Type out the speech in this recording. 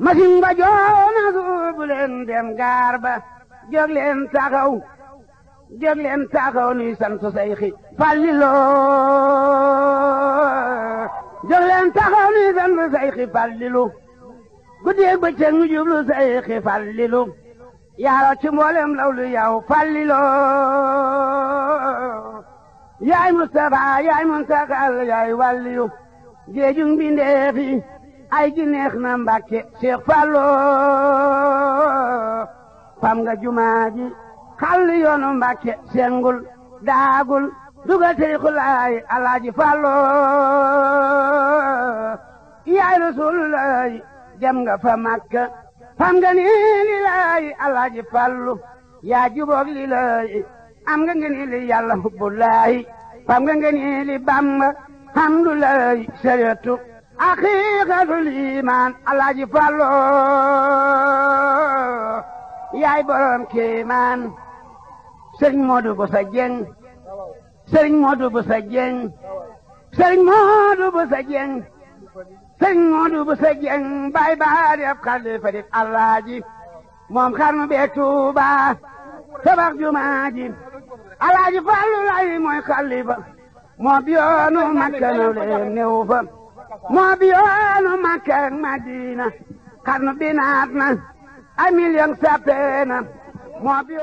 ma ba joona suubu dem gaar ba jóg leen taxaw jóg leen taxaw nuy sant sayxi Fallilo jóg leen taxaw nuy sant sayxi Fallilu guddeeg bëccëg ñu jublu sayxi Fallilu yaaro ci law lu yow Fallilo yaay Mustafa yaay Muntakal yaay wàlliyu géejug mbindeef ay gi na mbàkke Cheikh Fallo fam nga jumaa ji xàll yoonu mbàkke sengul daagul dugal tariixu laay alaaji Fallo yaay rasulullaay jam nga fa Makka fam nga ni laay alaaji Fallu yaa juboog li laay am nga ngeen li yàlla hubbu fam nga ngeen li Bàmba hamdulaay sariyatu haqiqatul iman alaaji Fallu yaay borom kéemaan sëriñ Modou Boussa Dieng sëriñ Modou Boussa Dieng sëriñ Modou Boussa Dieng bay baa def xalifa di moom xarnu bee Tuuba tabax jumaa ji alaaji Fallu mooy xalifa moom yoonu Makka new leen néew fa moo bi yoonu Makka ak Madina xarnu ay million sapee na moo bi